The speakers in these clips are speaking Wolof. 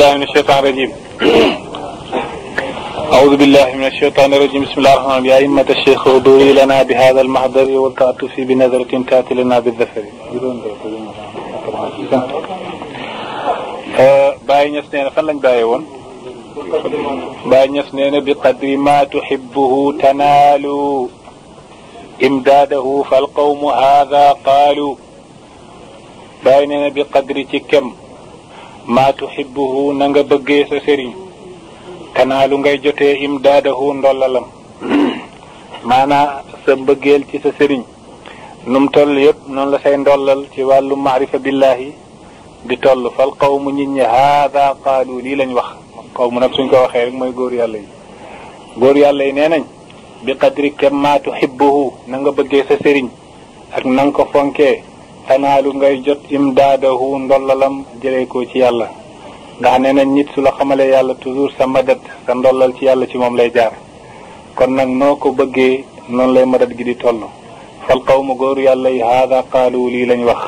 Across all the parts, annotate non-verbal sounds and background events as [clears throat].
الله من الشيطان الرجيم [clears throat] أعوذ بالله من الشيطان الرجيم بسم الله الرحمن الرحيم يا أئمة الشيخ غدوري لنا بهذا المحضر والتأتفي بنظرة تأتي لنا بالذفر باي نيس نينا فان لنج باي وون باي نيس نينا بقدر ما تحبه تنالوا إمداده فالقوم هذا قالوا باي نينا بقدر تكم maa tuhibbuhu na nanga bëggee sa sëriñ kanaalu ngay jotee imdaadahu ndollalam maanaa sa mbëggeel ci sa sëriñ nu mu toll yëpp noonu la say ndollal ci wàllu maarifa billaahi di toll fal qawmu nit ñi haada qaalu lii lañ wax qawmu nag suñ ko waxee rek mooy góor yàlla yi góor yàlla yi nee nañ bi qadri kem maa tuhibbuhu na nga bëggee sa sëriñ ak na ko fonkee tanaalu ngay jot imdaadahu ndollalam jëlee ko ci yàlla ndax nee nañ nit su la xamalee yàlla toujours sa madat sa ndollal ci yàlla ci moom lay jaar kon nag noo ko bëggee noonu lay madat gi di toll fal qawmu góoru yàlla yi haada qaalu lii lañ wax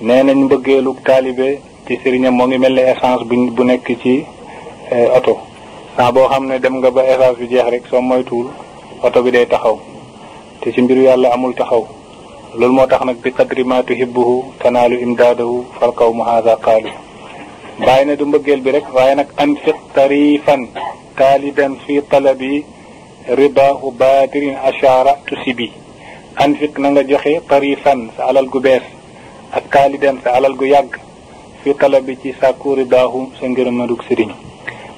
nee nañ mbëggeelu taalibe ci sëriñam moo ngi mel ne essence bu bu nekk ci eh, oto saa boo xam ne dem nga ba essence bi jeex rek soo moytuwul oto bi day taxaw te ci mbiru yàlla amul taxaw loolu moo tax nag bi qadri ma tuhibbuhu tanaalu imdaadahu fal qawmu haada qaalu bàyyi ne du mbëggeel bi rek waaye nag anfiq tarifan taalidan fi talabi ridahu baatirin ashaara bi anfiq na nga joxe tarifan sa alal gu bees ak taalidan sa alal gu yàgg fi talabi ci sàkku ridaahu sa ngërëm madug sëriñ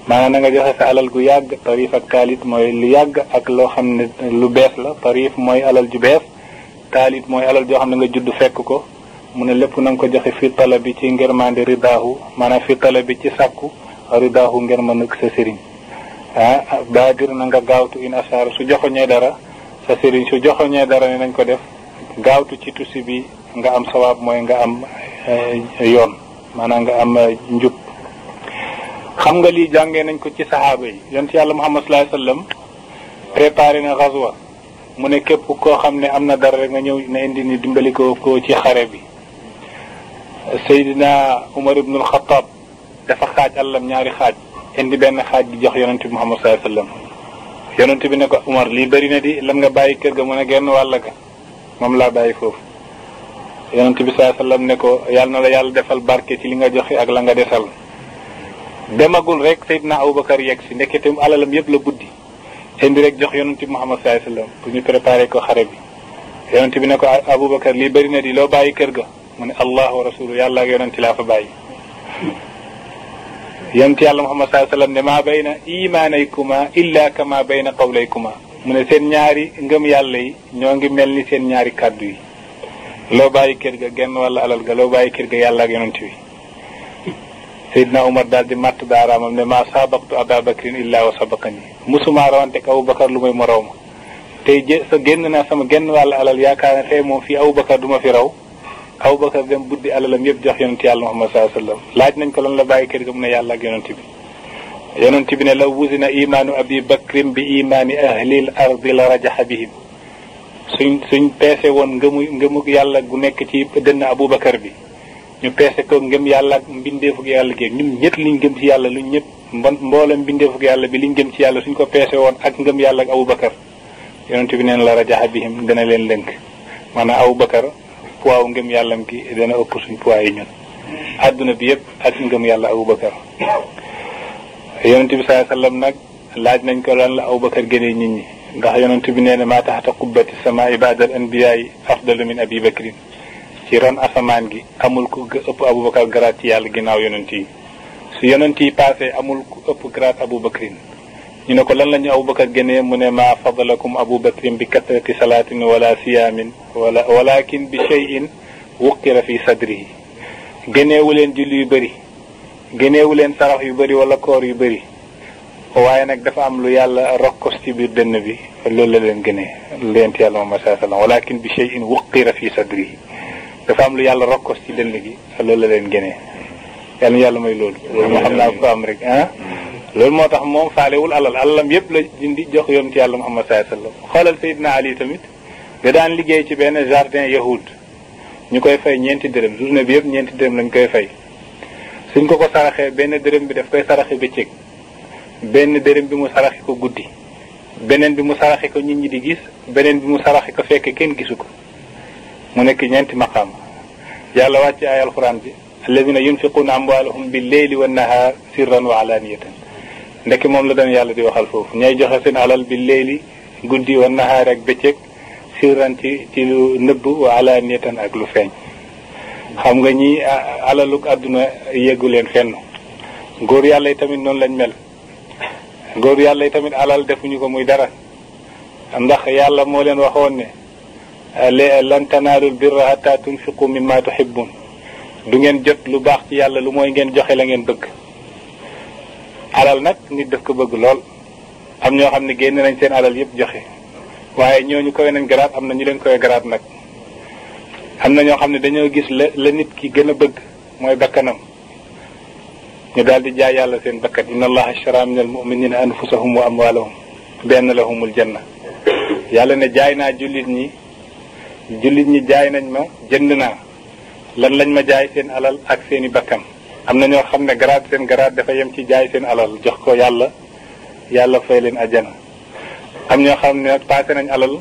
maanaam na nga joxe sa alal gu yàgg tarif ak taalit mooy lu yàgg ak loo xam ne lu bees la tarif mooy alal ju bees talib mooy alal joo xam ne nga judd fekk ko mu ne lépp na nga ko joxe fi tala bi ci ngërmande ridaahu maanaam fi talabi ci sàkku ridaahu sa sëriñ ah baadir na nga gaawtu in asaar su joxoñee dara sa sëriñ su joxoñee dara ne nañ ko def gaawtu ci tusi bi nga am sawaab mooy nga am eh, Yon, mana nga am eh, njub xam nga lii jàngee nañ ko ci sahaaba yi yonte yàlla muhammad sallallahu alayhi wasallam préparé na ghazwa mu ne képp koo xam ne am na dara rek nga ñëw na indi ni dimbali ko ko ci xare bi Seydina Umar ibnul Xataab dafa xaaj àllam ñaari xaaj indi benn xaaj bi jox yonent bi Muhammad sallallahu alayhi wasallam yonent bi ne ko Umar lii bëri na di lan nga bàyyi kër ga mu a genn wàll ga moom laa bàyyi foofu yonent bi sallallahu ne ko yàlla na la yàlla defal barke ci li nga joxe ak la nga desal demagul rek Seydina Abubakar yegg si ndekete alalam yëpp la guddi sëñ bi rek jox yonent bi Muhammad sallallahu alayhi ko xare bi yonent bi ne ko Aboubacar lii bëri na di loo bàyyi kër ga mu ne allah wa rasulu yàlla ak yonent laa fa bàyyi yonent yàlla Muhammad sallallahu alayhi wasallam ne maa bayna imaanaykuma illa kama bayna qawlaykuma mu ne seen ñaari ngëm yàlla yi ñoo ngi mel ni seen ñaari kàddu yi loo bàyyi kër ga genn wala alal ga loo bàyyi kër yàlla ak yonent Seydina Omar daal di matt daaraamam ne maa saabaqtu Abaa Bakrin illaa wa sabaqani musuma rawante ak Abubakar lu may ma raw ma tey jé sa génn naa sama genn wàll alal yaakaar ne tey moom fii Abubakar du ma fi raw Abubakar dem buddi alalam yëpp jox yonent yàlla Muhammad sallallahu alayhi wasallam laaj nañ ko loon la bàyyi kër ga mu a yàlla ak yonent bi yonent bi ne law wuzina imaanu abi bakrin bi imaani ahlil ardi la rajaxa bihim suñ suñ peese woon ngëmu ngëmu yàlla gu nekk ci dënn Abubakar bi ñu peese ko ngëm yàlla ak mbindeefuk yàlla géeg ñun ñett liñ gëm ci yàlla lu ñëpp mbon mboolem mbindeefuk yàlla bi liñ gëm ci yàlla suñ ko peese woon ak ngëm yàlla ak abubakar yonent bi neen la rajaxa bihim dana leen lënk maanaam abubakar poids ngëm yàllam ki dana ëpp suñ poids yi ñun àdduna bi yëpp ak ngëm yàlla abubakar yonent bi saa sallam nag laaj nañ ko lan la abubakar gënee nit ñi ndax yonent bi nee na maa taxta qubbati sama ibadal anbiyaay afdalu min abi bakrin ci ron asamaan gi amul ku ëpp abubakar garaat ci yàlla ginnaaw yonent yi su yonent yi passé amul ku ëpp garaat abubakrin ñu ne ko lan lañu abubakar génnee mu ne maa fadalakum abubakrin bi katrati salaatin wala siyaamin wala walakin bi cheyin wuqira fi sadrihi génneewu leen julli yu bëri génneewu leen sarax yu bëri wala koor yu bëri waaye nag dafa am lu yàlla rokkos ci biir dënn bi loolu la leen gënee leen yàlla moom saa salaam walakin bi cheyin wuqira fi sadrihi dafa am lu yàlla rokkos ci dënn gi te loolu la leen génnee yàlla na yàlla may loolu. loolu moo xam naa ko am rek ah. loolu moo tax moom faalewul alal alalam yëpp la dindi jox yoon ci yàlla Muhammad sallallahu alayhi wasallam xoolal Seydina Ali tamit da daan liggéey ci benn jardin yahud ñu koy fay ñeenti dërëm journée bi yëpp ñeenti dërëm lañ koy fay suñ ko ko saraxee benn dërëm bi daf koy saraxe bëccëg benn dërëm bi mu saraxe ko guddi beneen bi mu saraxe ko nit ñi di gis beneen bi mu saraxe ko fekk kenn gisu ko. mu nekk ñeenti maqaam yàlla wàcc ay alxuraan bi alladina yunfiquuna amwaalahum bi leyli wa nahaar sirran wa alaaniyatan ndekki moom la doon yàlla di waxal foofu ñay joxe seen alal bi leyli guddi wa nahaar ak bëccëg sirran ci ci lu nëbb wa alaaniyatan ak lu feeñ xam nga ñi alaluk àdduna yeggu leen fenn góor yàlla yi tamit noonu lañ mel góor yàlla yi tamit alal defuñu ko muy dara ndax yàlla moo leen waxoon ne lan tanaalul birra hatta tunfiqu mimma tuhibbun du ngeen jot lu baax ci yàlla lu mooy ngeen joxe la ngeen bëgg alal nag nit daf ko bëgg lool am ñoo xam ne génn nañ seen alal yëpp joxe waaye ñooñu ko nañ garaat am na ñu leen koy garaat nag am na ñoo xam ne dañoo gis la la nit ki gën a bëgg mooy bakkanam ñu daal di jaay yàlla seen bakkan inna allaha ashtara min al muminina anfusahum wa amwalahum benn lahumul janna yàlla ne jaay naa jullit ñi jullit ñi jaay nañ ma jënd naa lan lañ ma jaay seen alal ak seeni bakkan am na ñoo xam ne garaat seen garaat dafa yem ci jaay seen alal jox ko yàlla yàlla fay leen ajjana am ñoo xam ne paase nañ alal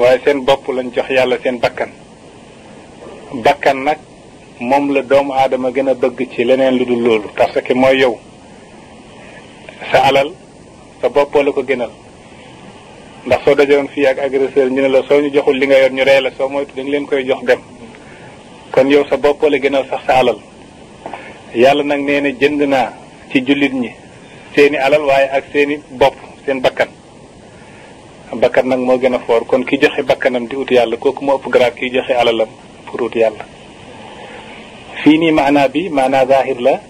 waaye seen bopp lañ jox yàlla seen bakkan bakkan nag moom la doomu aadama gën a bëgg ci leneen lu dul loolu parce que mooy yow sa alal sa bopp la ko gënal ndax soo dajoon fii ak agresseur ñu ne la soo ñu joxul li nga yor ñu ree la soo moytu dañ leen koy jox dem kon yow sa bopp la gënal sax sa alal yàlla nag nee na jënd naa ci jullit ñi seeni alal waaye ak seeni bopp seen bakkan bakkan nag moo gën a foor kon ki joxe bakkanam di ut yàlla kooku moo ëpp grave ki joxe alalam pour ut yàlla fii nii maanaa bi maanaa zahir la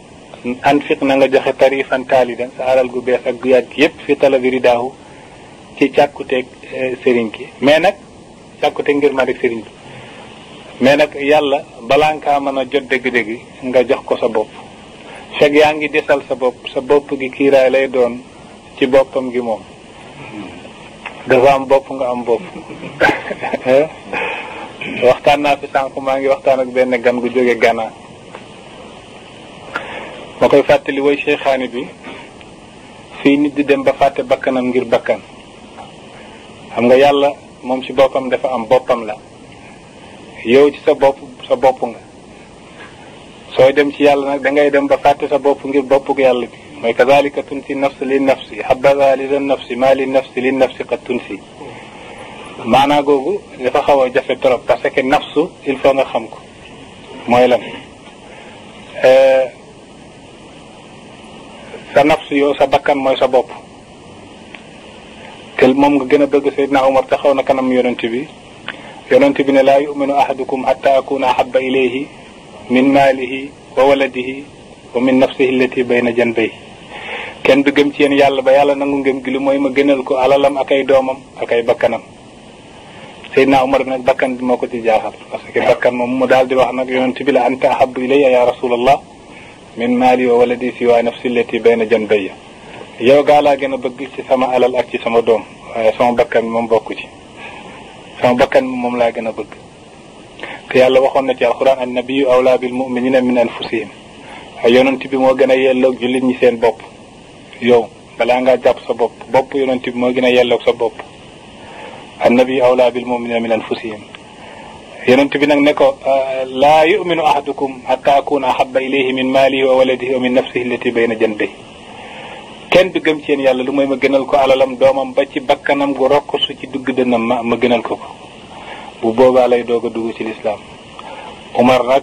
anfiq na nga joxe tarifan taalidan sa alal gu bees ak gu yàgg yépp fi talabi ridaahu ci càkkuteeg eh, sëriñ ki mais nag càkkuteeg ngir ma rek sëriñ bi mais nag yàlla balaa nga mën a jot dëgg-dëgg nga jox ko sa bopp fekk yaa ngi desal sa bopp sa bopp gi kiiraay lay doon ci boppam gi moom dafa am bopp nga am bopp [laughs] eh? waxtaan naa fi sànq maa ngi waxtaan ak benn gan gu jóge Ghana ma koy fàttali woy seexaani bi fii nit di dem ba fàtte bakkanam ngir bakkan xam nga yàlla moom ci boppam dafa am boppam la yow ci sa bopp sa bopp nga sooy dem ci yàlla nag dangay dem ba fàtte sa bopp ngir boppuk yàlla bi mooy kazalika tunsi a li nafsi habada li nafsi ma li nafsi li nafsi qad tunsi maanaa googu dafa xaw a jafe trop parce que nafsu il faut nga xam ko mooy lan eh, sa nafsu yow sa bakkan mooy sa bopp كل موم غينا بغ سيدنا عمر تخاونا كانم يونتي بي يونتي بي لا يؤمن احدكم حتى اكون احب اليه من ماله وولده ومن نفسه التي بين جنبيه كان دو گم سين يالا با يالا نانغو گم گلي موي ما گينال كو علالم اكاي دومم اكاي بكانم سيدنا عمر نك بكان مكو تي جاخال باسكي بكان موم مو دال دي واخ نك يونتي بي لا انت احب الي يا رسول الله من مالي وولدي سوى نفسي التي بين جنبي يا غالا گنا بگ سما علال اك سما دوم waaye sama bakkan moom bokku ci sama bakkan moom laa gën a bëgg te yàlla waxoon na ci alquran an nabiyu awla bil muminina min anfusihim yonent bi moo gën a yelloog jullit ñi seen bopp yow balaa ngaa jàpp sa bopp bopp yonent bi moo gën a yelloog sa bopp an nabiyu awla bil muminina min anfusihim yonent bi nag ne ko laa yuminu ahadukum hatta akuna ahaba ilayhi min maalihi wa waladihi wa min nafsihi allati bayna janbihi kenn du gëm ci yéen yàlla lu mooy ma gënal ko alalam doomam ba ci bakkanam gu rokk su ci dugg dënnam ma ma gënal ko ko bu boobaa lay doog a dugg ci lislaam Umar nag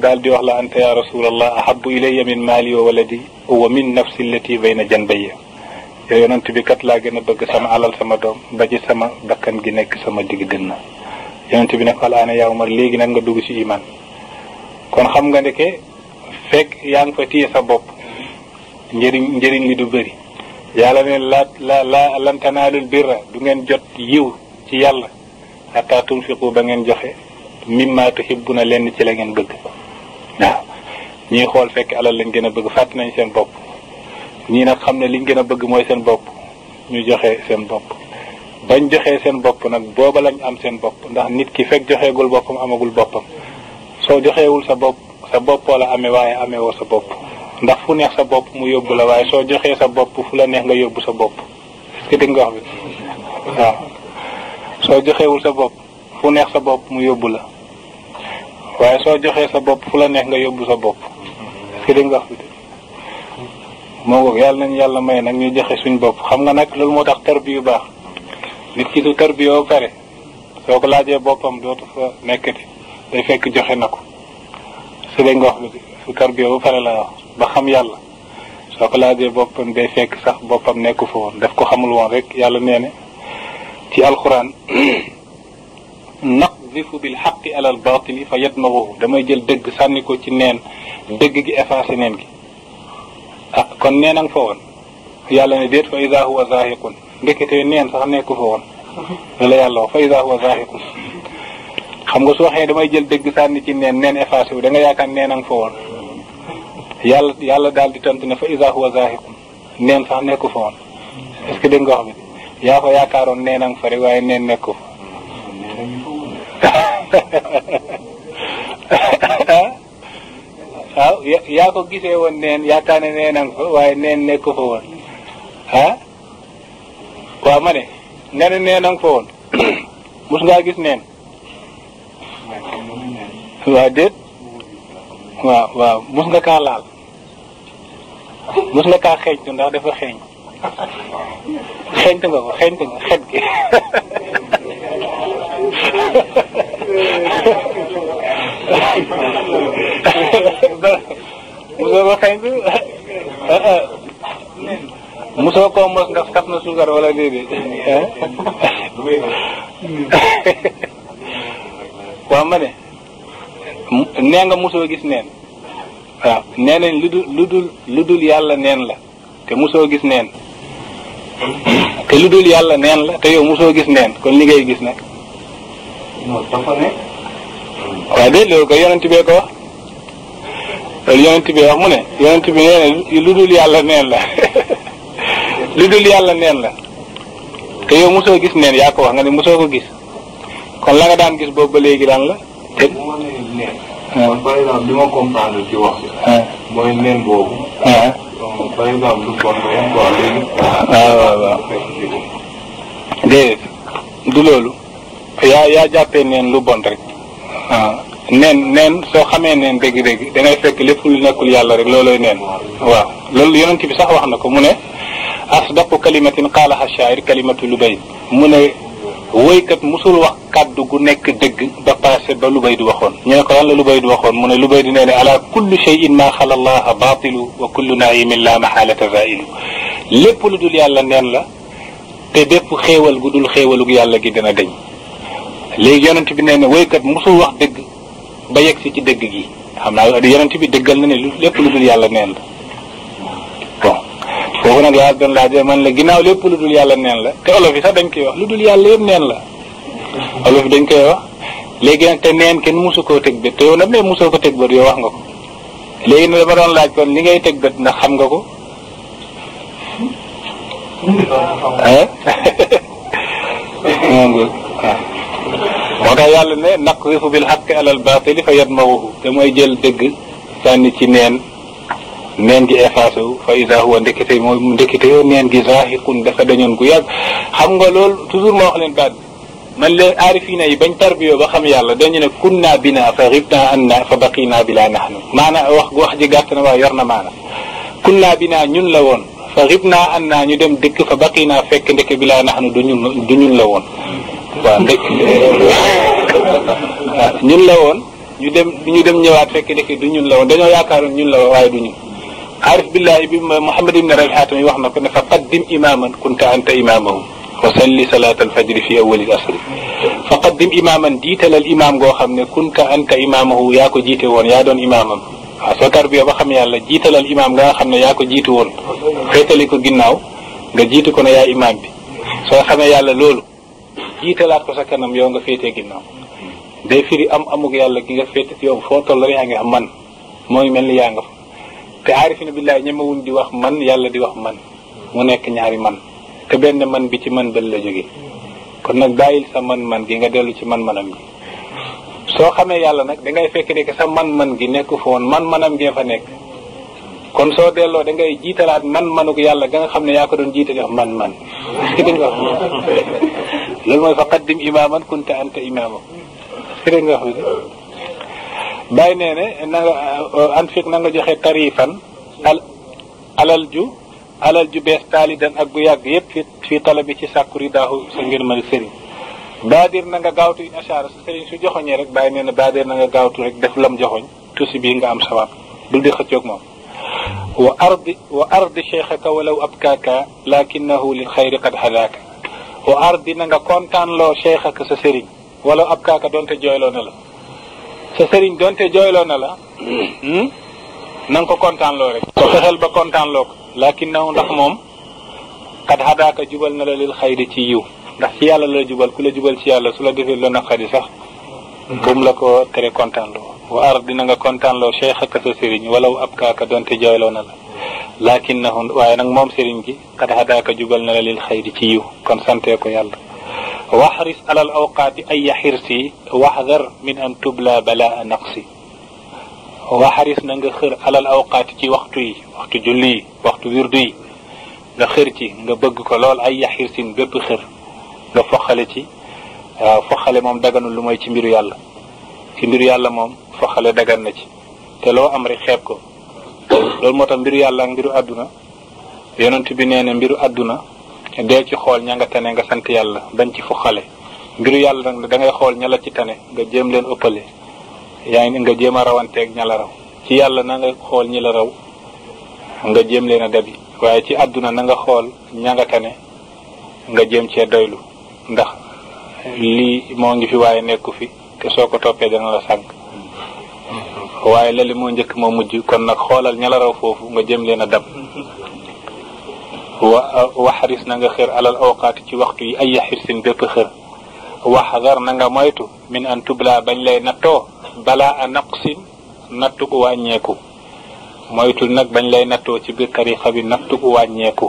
daal di wax la anta ya rasulallah ahabu ilayya min maali wa waladi wa min nafsi allati bayna janbayya yow yonent bi kat laa gën a bëgg sama alal sama doom ba ci sama bakkan gi nekk sama digg dënn yonent bi ne ko alaana yaa Umar léegi nag nga dugg ci iman kon xam nga ndeke fekk njëriñ njëriñ li du bëri yàlla ne la la la lan tanaalul birra du ngeen jot yiw ci yàlla hatta tunfiqu ba ngeen joxe mimma na lenn ci la ngeen bëgg waaw ñii xool fekk alal lañ gën a bëgg fàtt nañ seen bopp ñii nag xam ne liñ gën a bëgg mooy seen bopp ñu joxe seen bopp bañ joxee seen bopp nag booba lañ am seen bopp ndax nit ki fekk joxeegul boppam amagul boppam soo joxeewul sa bopp sa boppoo la amee waaye ameewoo sa bopp ndax fu neex sa bopp mu yóbbu la waaye soo joxee sa bopp fu la neex nga yóbbu sa bopp ki dégg nga bi waaw joxewul sa bopp fu neex sa bopp mu yóbbu la waaye soo joxee sa bopp la neex nga yóbbu sa bopp ki dégg nga wax bi moo yàlla may nag ñu joxe suñ bopp xam nga nag loolu moo tax tarbi yu baax nit ki du pare soo ko laajee boppam dootu fa nekkati day fekk joxe na ko su dee ba pare la wax ba xam yàlla soo ko laajee boppam day fekk sax boppam nekku fa woon daf ko xamul woon rek yàlla nee ne ci alquran naqdifu bil xaqi ala al batili fa yadmaghuhu damay jël dëgg sànni ko ci neen dëgg gi effacé neen gi ah kon nee nga fa woon yàlla ne déet fa ida huwa zahiqun ndekete neen sax nekku fa woon la yàlla wax fa ida huwa zahiqun xam nga su waxee damay jël dëgg sànni ci neen neen effacé wu da nga yaakaar nee nga fa woon yàlla yàlla daal di tontu ne fa isa huwa zahiqun neen sax nekku fa woon est que dégg nga wax bi yaa ko yaakaaroon neen ang fa rek waaye neen nekku fa waaw [laughs] ah, yaa ko gisee woon neen yaakaar ne neen ang fa waaye neen nekku fa woon ah? waaw ma ne nga ne neen fa woon mus [coughs] ngaa gis neen waaw déet waaw waaw mus nga kaa laal mos la kaa xeeñtu ndax dafa xeeñ xeeñtu nga ko xeeñtu nga xet gi musoo ko xeeñtu musoo koo mos ndax saf na suukar wala déedéet waaw ma ne nee nga musoo gis neen waaw nee nañ lu dul lu dul lu dul yàlla neen la te musoo gis neen te lu dul yàlla neen la te yow mosoo gis neen kon li ngay gis na waaw déedéet loolu ko yonent bee ko wax loolu wax mu ne yonent bi lu dul yàlla neen la [laughs] lu dul yàlla neen la te yow musoo gis neen yaa ko wax nga ne musoo ko gis kon la nga daan gis boobu ba léegi daan la te. Euh, par exemple li ma comprendre ci wax bi. Euh. mooy nen boobu. Euh. par exemple lu bon nen quoi ah, waaw waaw waaw. déedéet du loolu. yaa yaa jàppee neen lu bon rek. waaw ah. nen neen soo xamee neen dégg-dégg da ngay fekk lépp lu nekkul yàlla rek loolu neen. waaw loolu yonent bi sax wax na ko mu ne asdaqu kalimatin qaalaha shaa'ir kalimatu lubayd mu ne. woykat musul wax kàddu gu nekk dëgg ba passé ba lu bay di waxoon ñu ne ko lan la lu bay di waxoon mu ne lu bay di nee ne ala kullu cheyin maa xala allaha baatilu wa kullu naimin la maxaalata zailu lépp lu dul yàlla neen la te bépp xéewal gu dul xéewalug yàlla gi dina deñ léegi yonent bi nee ne woykat musul wax dëgg ba yegg si ci dëgg gi xam naa yonent bi dëggal na ne lépp lu dul yàlla neen la kooku nag laa doon laajee man la ginnaaw lépp lu dul yàlla neen la te olof yi sax dañ koy wax lu dul yàlla yëpp neen la olof dañ koy wax léegi nag te neen kenn musu koo teg bët te yow nag ne musoo ko teg bët yow wax nga ko léegi nag dama doon laaj kon li ngay teg bët ndax xam nga ko moo tax yàlla ne naqzifu bil haqqi alal baatili fa yadmaghuhu te mooy jël dëgg sànni ci neen neen gi effacé wu fa ida huwa ndekete mooy mu ndekete yoo neen gi dafa dañoon gu yàgg xam nga loolu toujours ma wax leen baat bi man leen aarifina yi bañ tarbiyoo ba xam yàlla dañu ne kunna bina fa ribna anna fa baqina bila nahnu maana wax wax ji gàtt na waaye yor na maana kunna naa ñun la woon fa ribna anna ñu dem dëkk fa baqina fekk ndeke bila na du ñun du ñun la woon waaw ndekk ñun la woon ñu dem ñu dem ñëwaat fekk ndeke du ñun la woon dañoo yaakaaroon ñun la woon waaye arif billahi bi Muhammad ibn Rabi Xaatami wax na ko ne fa qaddim imaaman kunta anta imaamahu wa salli salaatal fajri fi awwalil asri fa qaddim imaaman jiitalal imaam goo xam ne kunta anta imaamahu yaa ko jiite woon yaa doon imaamam waaw soo tarbiya ba xam yàlla jiitalal imaam nga xam ne yaa ko jiitu ko ginnaaw nga jiitu ko ne yaa imaam bi soo xamee yàlla loolu jiitalaat ko sa kanam nga féetee ginnaaw day firi am amuk yàlla gi nga féete yow foo toll rek yaa ngi am man mooy mel ni yaa nga fa te arifin billahi ñemewuñ di wax man yalla di wax man mu nekk ñaari man te benn man bi ci man bël la jóge kon nag bàyyil sa man man gi nga dellu ci man manam gi soo xamee yàlla nag da ngay fekk ne sa man man gi nekk foon man manam gi fa nekk kon soo delloo da ngay jiitalaat man manuk yàlla ga nga xam ne yaa ko doon man man ki dañ wax [laughs] loolu mooy fa qaddim imaman kunta anta imama ki dañ wax باي نيني نغا انفيك نغا جخي تاريفا على الجو على الجو بيس طالبا اك بو ياغ ييب في في طلبي سي ساكو ريداهو سنغير مال سيري بادير نغا غاوتو اشار سيرين سو جوخو ني رك باي نينا بادير نغا غاوتو رك ديف لام جوخو توسي بي نغا ام سواب دولدي خيوك موم وارض وارض شيخك ولو ابكاك لكنه للخير قد هلاك وارض نغا كونتان لو شيخك سيرين ولو ابكاك دونت جويلو نلا sa sëriñ donte jooyloo na la hmm, na nga ko kontaanloo rek ko fexeel ba kontaanloo ko lakinnahu ndax moom kat xadaaka jubal na la lil di ci yiw ndax ci yàlla la jubal ku la jubal ci yàlla su la defee loo naqari sax bu la ko tere kontaanloo wa ar dina nga kontaanloo cheikh ak sa sëriñ walaw ab kaaka donte jooyloo na la lakinnahu waaye nag moom seriñ gi kat xadaaka jubal na la lil xayri ci yiw kon santee ko yàlla واحرص على الأوقات أي حرص واحذر من أن تبلى بلاء نقص واحرص نغا خير على الأوقات تي وقتي وقت جلي وقت وردي nga xër ci nga bëgg ko lool ay yaxir sin bépp xër nga foxale ci foxale moom daganul lu mooy ci mbiru yàlla ci mbiru yàlla moom foxale dagan na ci te loo am rek xeeb ko loolu moo tax mbiru yàlla mbiru àdduna yonent bi nee na mbiru àdduna dee ci xool ña nga nga sant yàlla bañ ci fuxale mbiru yàlla nag da ngay xool ña la ci tane nga jëm leen ëppale yaa ngi nga jéem a rawanteeg ña raw ci yàlla na xool ñi raw nga jéem leen a dabi waaye ci àdduna na nga xool ña nga tane nga jéem cee doylu ndax lii moo ngi fi waaye nekku fi te soo ko toppee dana la sànq waaye lali moo njëkk moo mujj kon nag xoolal ñala raw foofu nga jëm leen a dab وحرص نغا خير على الاوقات في وقت اي حرص بيب خير وحذر مويتو من ان تبلا بان لي نتو بلا نقص نتو وانيكو مويتو نك بان لي نتو سي بير تاريخ بي نتو وانيكو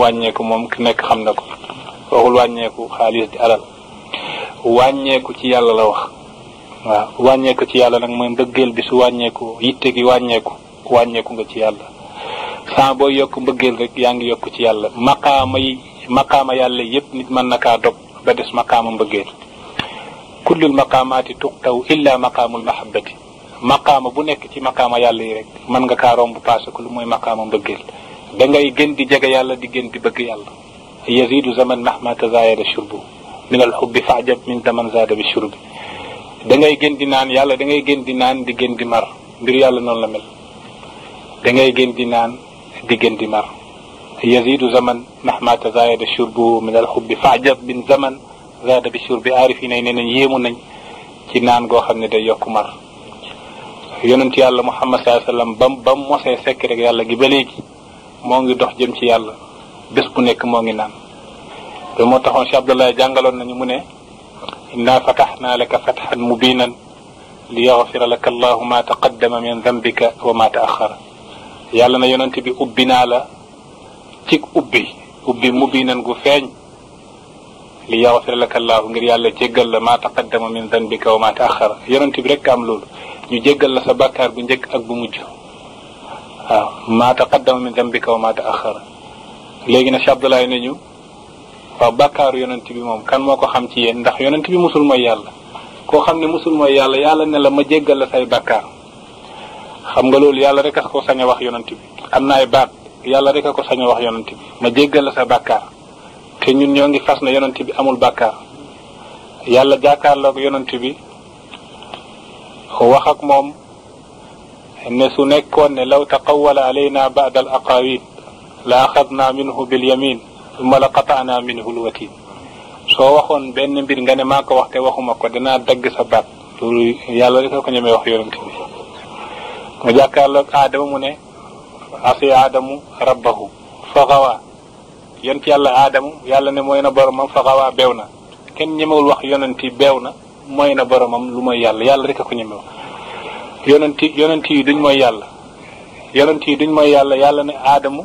وانيكو موم نك خم نكو وخول وانيكو خالص دي علال وانيكو سي يالا لا وانيكو سي يالا نك موم دغيل بي وانيكو يتيغي وانيكو وانيكو نغا يالا saa boo yokk mbëggeel rek yaa ngi yokk ci yàlla maqaama yi maqaama yàlla yëpp nit mën na kaa dog ba des maqaama mbëggeel kullul maqaamaati tuqtaw illa maqaamul mahabbati maqaama bu nekk ci maqaama yàlla yi rek mën nga kaa romb passé ko mooy maqaama mbëggeel dangay ngay di jege yàlla di gën di bëgg yàlla yazidu zaman mahma tazayada shurbu min al xubbi faajab min zaman zaada bi shurbi da ngay gën di naan yàlla da ngay gën di naan di gën di mar mbir yàlla noonu la mel ديجن دمار يزيد زمن مهما تزايد الشرب من الحب فعجب من زمن زاد بالشرب عارفين اين يمون كي نان غو خن دي يوكمر يونت محمد صلى الله عليه وسلم بم بم موسى سكر يالله جي بليك موغي دوخ جيم سي يالله بس بو نيك موغي نان بما تخون شي عبد الله جانغالون ناني مو إنا فتحنا لك فتحا مبينا ليغفر لك الله ما تقدم من ذنبك وما تأخر yàlla na yonent bi ubbi naa la cig ubbi ubbi mubbi nan gu feeñ li yaxfir laka allaahu ngir yàlla jéggal la maa taqaddama min danbika kaw maa taaxara yonent bi rek am loolu ñu jéggal la sa bàkkaar bu njëkk ak bu mujj waaw maa taqaddama min danbika kaw maa taaxara léegi na Cheikh Abdoulaye ne ñu waaw bàkkaaru yonent bi moom kan moo ko xam ci yéen ndax yonent bi musul mooy yàlla koo xam ne musul mooy yàlla yàlla ne la ma jéggal la say bàkkaar xam nga loolu yàlla rek a ko sañ a wax yonanti bi am na ay baat yàlla rek a ko sañ a wax yonanti bi ma jéggal la sa bàkkaar te ñun ñoo ngi fas na yonanti bi amul bàkkaar yàlla jàkkaarloog yonanti bi wax ak moom ne su nekkoon ne law taqawala alayna ba'da al aqawid la akhadna minhu bil yamin suma la qata'na minhu al watin soo waxoon benn mbir nga ne maa ko wax te waxuma ko danaa dagg sa baat loolu yàlla rek a ko ñemee wax yonanti bi mu jàkkaarloog aadama mu ne asi aadamu rabbahu faxawaa yonent yàlla aadamu yàlla ne moy na boromam faxawaa beew na kenn ñemewul wax yonenti beew na mooy na boromam lu moy yàlla yàlla rek a ko ñemew yonenti yonenti yi duñ moy yàlla yonent yi duñ mooy yàlla yàlla ne aadamu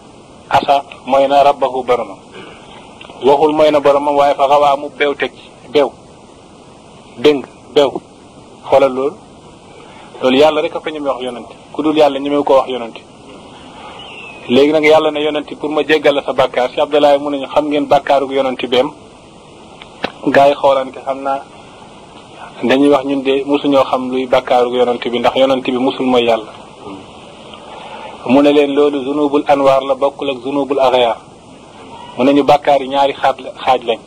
asa moy na rabbahu boromam waxul mooy na boromam waaye faxawaa mu beew teg beew dëng beew xoolal loolu loolu yàlla rek a ko ñeme wax yonent ku dul yàlla ñemewu ko wax yonent léegi nag yàlla na yonent pour ma jéggal la sa bàkkaar si Abdoulaye mu nañu xam ngeen bàkkaarug yonanti beem gars yi xoolante xam naa dañuy wax ñun de mosuñoo xam luy bàkkaarug yonent bi ndax yonanti bi mosul mooy yàlla mu ne leen loolu zunubul anwaar la bokkul ak zunubul axyaar mu ne ñu bàkkaar yi ñaari xaaj xaaj lañ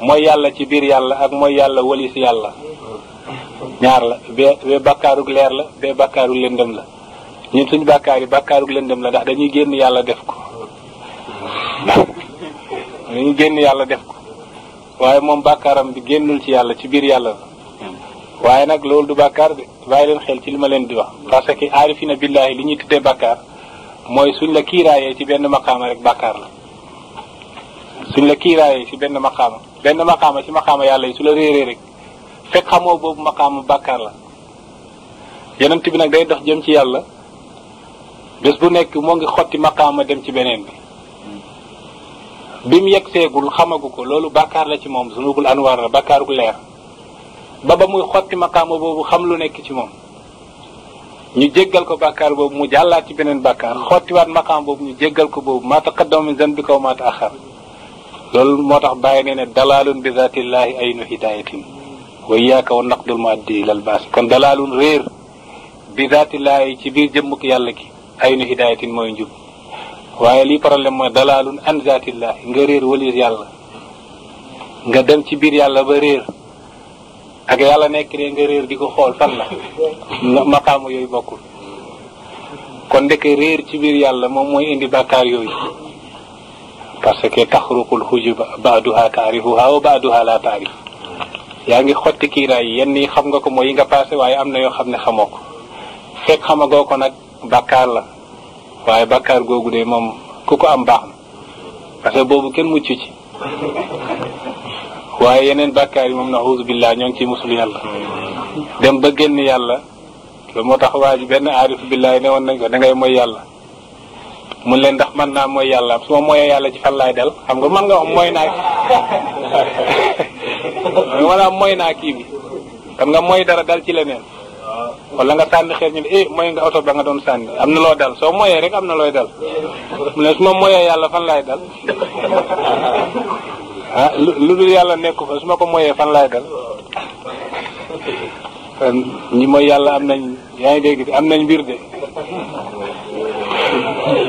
mooy yàlla ci biir yàlla ak mooy yàlla wali si yàlla ñaar la bee bee leer la bee bàkkaarug dem la ñun suñ bàkkaar yi bàkkaarug dem la ndax dañuy génn yàlla def ko [laughs] dañuy génn yàlla def ko waaye moom bàkkaaram bi génnul ci yàlla ci biir yàlla la waaye nag loolu du bàkkaar de bàyyi leen xel ci li ma leen di wax parce que aarifina billahi li ñuy tuddee bàkkaar mooy suñ la kiiraayee ci benn maqaama rek bàkkaar la suñ la kiiraayee ci benn maqaama benn maqaama ci maqaama yàlla yi su la réeree rek fekk xamoo boobu maqaamu bakkaar la yonent bi nag day dox jëm ci yàlla bés bu nekk moo ngi xotti maqaama dem ci beneen bi bi mu yegg seegul xamagu ko loolu bakkaar la ci moom zunubul anwaar la bàkkaar leer ba ba muy xotti makaama boobu xam lu nekk ci moom ñu jéggal ko bàkkaar boobu mu jàllaat ci beneen bàkkaar xottiwaat maqaam boobu ñu jéggal ko boobu maa taqaddama min zanbi kaw maa taaxar loolu moo tax bàyyi nee ne dalaalun bi zaatillahi aynu وإياك والنقد المؤدي إلى الباس كان دلال رير بذات الله كبير جمك يالك أين هداية موينجب waaye lii problème mooy dalaalun an zaatillah nga réer walis yàlla nga dem ci biir yàlla ba réer ak yàlla nekk ne nga réer di ko xool fan la maqaamu yooyu bokkul kon ndeke réer ci biir yàlla moom mooy indi bàkkaar yooyu parce que taxruqul xujuba baaduha taarifuha wa baaduha la taarif yaa ngi xotti kiiraay yi yenn yi xam nga ko mooy yi nga passé waaye am na yoo xam ne xamoo ko fekk xamagoo ko nag bàkkaar la waaye bàkkaar googu de moom ku ko am baax na parce que boobu kenn mucc ci waaye yeneen bàkkaar yi moom na auzu billah ñoo ngi ciy musul yàlla dem ba génn yàlla moo tax waa ji benn aarif billaay ne woon ko dangay ngay mooy yàlla mun leen ndax mën naa mooy yàlla su ma mooyee yàlla ci fan laay dal xam nga mën nga wax mooy naaj [laughs] [laughs] wala moy na ki bi kan nga moy dara dal ci leneen wala nga sànni xeer ñu eh moy nga auto ba nga doon sànni am na dal soo moyee rek am na looy dal mu ne su moyee fan lay dal [laughs] ah lu dul yàlla nekku fa suma ko moyee fan lay dal kon ñi moy yàlla am nañ yaa ngi dégg am nañ mbir de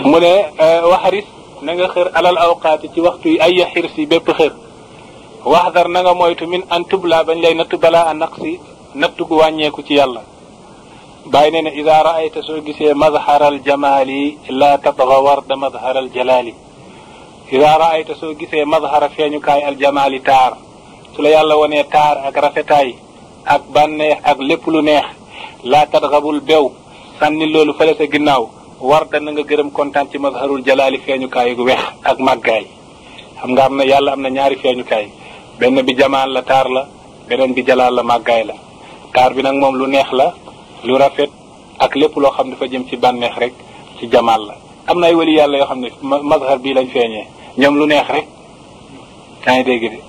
mu ne eh, waxaris na nga xër alal awqaati ci waxtu yi ay xirsi bépp xër waxdar na nga moytu min an tubla bañ lay natt balaa a naqsi natt gu wàññeeku ci yàlla bàyyi ne ne ida raayta soo gisee mazharal jamaali laa tabga warda mazharal jalaali ida raayta soo gisee mazhara feeñukaay al jamaali taar su la yàlla wonee taar ak rafetaay ak bànneex ak lépp lu neex laa tadxabul bew sànni loolu fële sa ginnaaw war da na nga gërëm kontaan ci mazharul jalaali feeñukaay gu weex ak màggaay xam nga am na yàlla am na ñaari feeñukaay benn bi jamaal la taar la beneen bi jalaal la màggaay la taar bi nag moom lu neex la lu rafet ak lépp loo xam dafa jëm ci bànneex rek ci jamaal la am na ay wali yàlla yoo xam ne mazhar bii lañ feeñee ñoom lu neex rek yaa ngi dégg de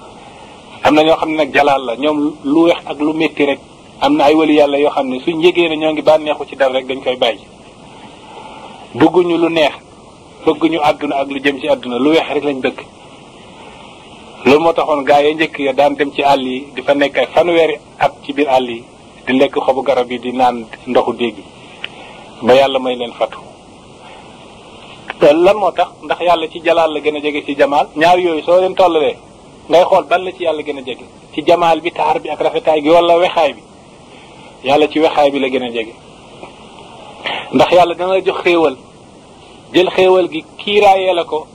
am na ñoo xam ne nag jalaal la ñoom lu weex ak lu métti rek am na ay wali yàlla yoo xam ne suñ yégee ne ñoo ngi bànneexu ci dara rek dañ koy bàyyi bëgguñu lu neex bëgguñu àdduna ak lu jëm ci àdduna lu weex rek lañ bëgg loolu moo taxoon gaa yi njëkk ya daan dem ci àll yi di fa nekk ay fanweeri at ci biir àll yi di lekk xobu garab yi di naan ndoxu déeg yi ba yàlla may leen fatu lan moo tax ndax yàlla ci jalaal la gën a jege ci jamaal ñaar yooyu soo leen tollalee ngay xool ban la ci yàlla gën a jege ci jamaal bi taar bi ak rafetaay gi wala wexaay bi yàlla ci wexaay bi la gën a jege ndax yàlla dana la jox xéewal jël xéewal gi kiiraayee la ko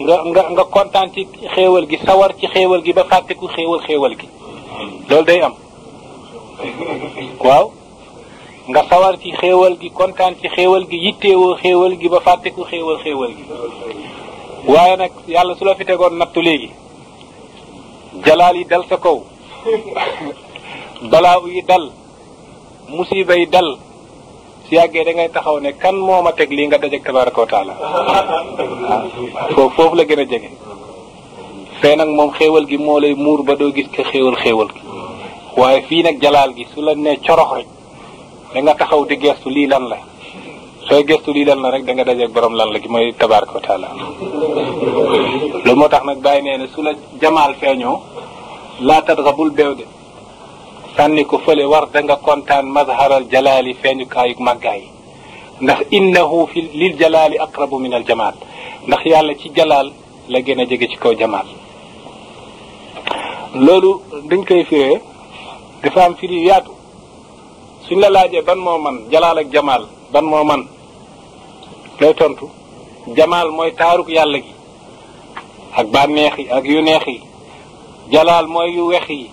nga nga nga kontaan ci xéewal gi sawar ci xéewal gi ba fàtteku xéewal xéewal gi loolu day am waaw nga sawar ci xéewal gi kontaan ci xéewal gi yitteewoo xéewal gi ba fàtteku xéewal xéewal gi waaye nag yàlla su la fi tegoon nattu léegi jalaal yi dal sa kaw [laughs] balaaw yi dal musiba yi dal su yàggee da ngay taxaw ne kan moo ma teg lii nga daje tabaraka wa [laughs] foofu la gën a jege fee nag moom xéewal gi moo lay muur ba doo gis ko xéewal xéewal gi waaye fii nag jalaal gi su la nee corox rek danga taxaw di gestu lii lan la sooy gestu lii lan la rek danga daje dajeeg borom lan la gi mooy tabaraka wa taala tax nag bàyyi nee ne su la jamaal feeñoo laa tarxabul beew de sànni ko fële war da nga kontaan mazharal jalaali feeñukaayu màggaay ndax innahu fi lil jalaali aqrabu min ndax yàlla ci jalaal la gën a jege ci kaw loolu dañ koy firee dafa am firi yaatu suñ la laajee ban moo man jalaal ak jamaal ban moo man looy tontu jamaal mooy taaruk yàlla gi ak bànneex yi ak yu neex yi jalaal mooy yu wex yi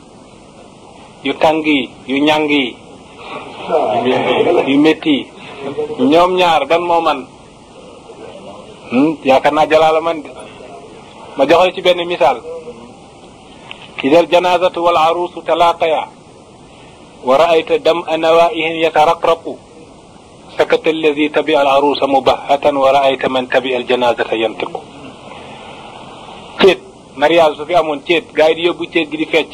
yu tàng yi yu ñàng yi yu métti ñoom ñaar ban moo man hmm? yaakaar naa man ma joxal ci benn misaal idal janaazatu wal aruusu talaaqaya wa raayta dam a nawaa'ihin yataraqraqu sakata allazi tabi al aruusa mubahatan wa raayta man tabi al janaazata yantiqu céet mariage su fi amoon céet gaa yi di céet gi di fecc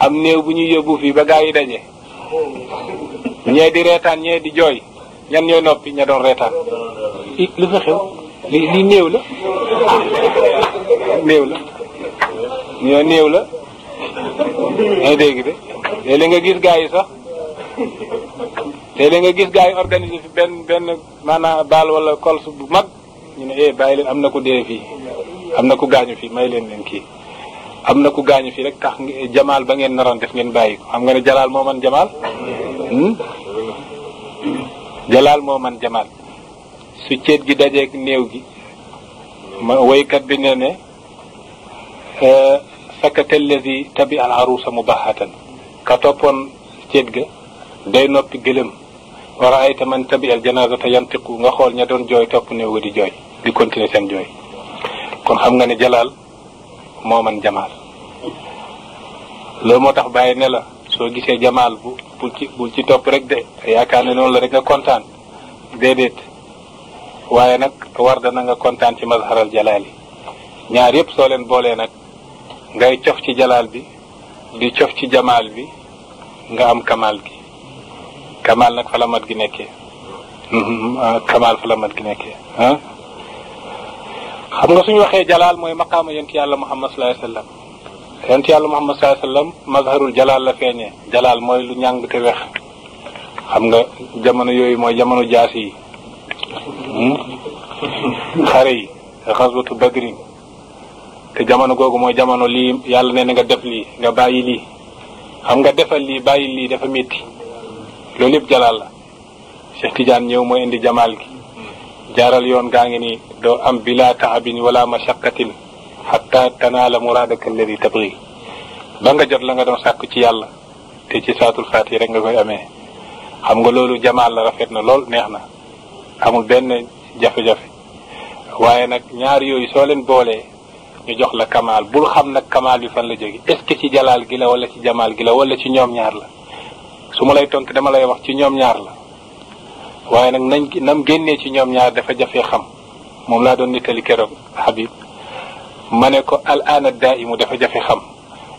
am néew bu ñuy yóbbu fii ba gaa yi daje ñee di reetaan ñee di jooy ñan ñooy noppi ña doon reetaan lu fa xew li lii néew la néew la ñoo néew la yaa dégg de léeg-léeg nga gis gaa yi sax léeg-léeg nga gis gaa yi organisé fi benn benn maanaam baal wala kols bu mag ñu ne eh bàyyi leen am na ku dee fii am na ku gaañu fii may leen leen kii am na ku gaañu fii rek tax jamaal ba ngeen naroon def ngeen bàyyi ko xam nga ne jalaal moo man jamaal hmm? jalaal moo man jamaal su ceet gi dajeek néew gi ma woykat bi ne ne euh, sakata allazi tabi al arusa mubahatan ka toppoon ceet ga day noppi gëlëm wa raayta man tabi al janazata yantiqu nga xool ña doon jooy topp néew ga di jooy di continuer seen jooy kon xam nga ne jalaal moo man jamaal loolu moo tax bàyyi ne la soo gisee jamaal bu bul ci bul ci topp rek de yaakaar ne noonu la rek nga kontaan déedéet waaye nag war dana nga kontaan ci mazharal jalaal yi ñaar yëpp soo leen boolee nag ngay cof ci jalaal bi di cof ci jamaal bi nga am kamaal gi kamaal nag fa la mat gi nekkee mhm, mhm, ah, kamaal fa la mat gi nekkee ah. xam nga suñu waxee jalaal mooy maqaama yonent yàlla muhammad sallallahu alayhi wasallam yonent yàlla muhammad sallallahu alayhi wasallam mazharul jalaal la feeñee jalaal mooy lu ñàng te wex xam nga jamono yooyu mooy jamono jaas yi hmm? xare yi xaswatu badrin te jamono googu mooy jamono lii yàlla nee na nga def lii nga bàyyi lii xam nga defal lii bàyyi lii dafa métti loolu yëpp jalaal la Cheikh Tidiane ñëw mooy indi jamaal gi jaaral yoon gaa ngi nii doo am bila taabin wala mashaqatin xatta tanaala muraadaka yi tabgi ba nga jot la nga doon sàkk ci yàlla te ci saatul faati rek nga koy amee xam nga loolu jamaal la rafet na lool neex na amul benn jafe-jafe waaye nag ñaar yooyu soo leen boolee ñu jox la kamaal bul xam nag kamaal bi fan la jóge est ci jalaal gi la wala ci jamaal gi la wala ci ñoom ñaar la su ma lay tontu dama lay wax ci ñoom ñaar la waaye nag nañ nam génnee ci ñoom ñaar dafa jafe xam moom laa doon nittali keroog xabib ma ne ko al ana daimu dafa jafe xam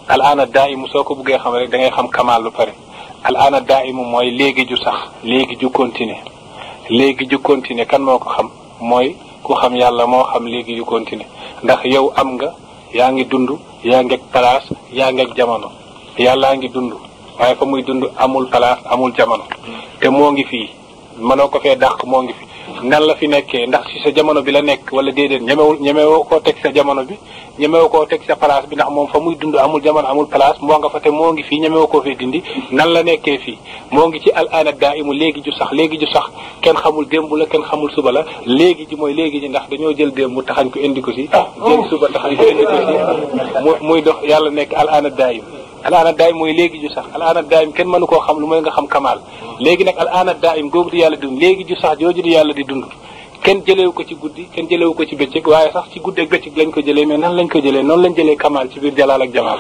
al ana daimu soo ko buggee xam rek da ngay xam kamaal lu pare al ana daimu mooy léegi ju sax léegi ju continuer léegi ju continuer kan moo ko xam mooy ku xam yàlla moo xam léegi ju continuer ndax yow am nga yaa ngi dund yaa ngi ak place yaa ngi ak jamono yàllaa ngi dund waaye fa muy dund amul place amul jamono te moo ngi fii mënoo ko fee dàq moo ngi fi nan la fi nekkee ndax si sa jamono bi la nekk wala déedéet ñemewul ñemewoo koo teg sa jamono bi ñemewoo koo teg sa place bi ndax moom fa muy dund amul jamono amul place moo nga fa te moo ngi fii ñemewoo koo fee dindi nan la nekkee fii moo ngi ci al ana daa imu léegi ju sax léegi ju sax kenn xamul démb la kenn xamul suba la léegi ji mooy léegi ji ndax dañoo jël démb taxañ ko indi ko si jël suba taxañ ko indi ko si muy muy dox yàlla nekk al ana daa im al ana daa im mooy léegi ju sax al ana daa im kenn mënu koo xam lu mooy nga xam kamaal léegi nag al aana daa'im googu di yàlla di dund léegi ju sax jooju di yàlla di dund kenn jëlewu ko ci guddi kenn jëlewu ko ci bëccëg waaye sax ci guddi ak bëccëg lañ ko jëlee mais nan lañ ko jëlee noonu lañ jëlee kamaal ci biir jalaal ak jamaal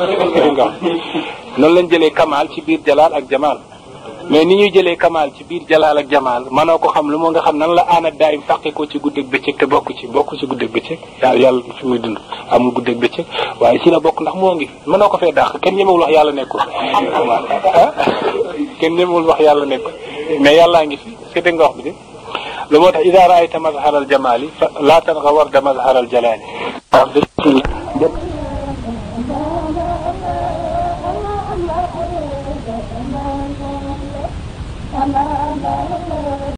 noonu lañ jëlee kamaal ci biir jalaal ak jamaal mais ni ñuy jëlee kamaal ci biir jalaal ak jamaal mënoo ko xam lu moo nga xam nan la aana daayim fàqe ko ci guddeeg bëccëg te bokk ci bokk ci guddeeg bëccëg yàlla yàlla fi muy dund amul guddeeg bëccëg waaye ci la bokk ndax moo ngi mënoo ko fee dàq kenn ñemewul wax yàlla nekkul [laughs] ah kenn ñemewul wax yàlla nekkul mais yàllaa ngi fi est-ce que dégg nga wax bi de lu moo tax ida raayta mazharal jamaali laa tanxa warda mazharal jalaali 么？